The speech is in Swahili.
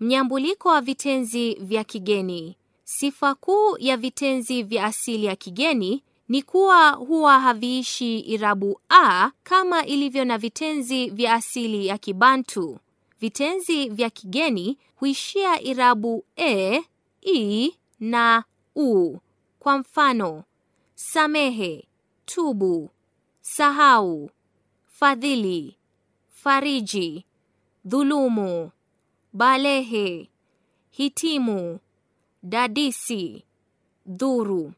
Mnyambuliko wa vitenzi vya kigeni. Sifa kuu ya vitenzi vya asili ya kigeni ni kuwa huwa haviishi irabu a kama ilivyo na vitenzi vya asili ya Kibantu. Vitenzi vya kigeni huishia irabu e, i na u. Kwa mfano: samehe, tubu, sahau, fadhili, fariji, dhulumu balehe, hitimu, dadisi, dhuru.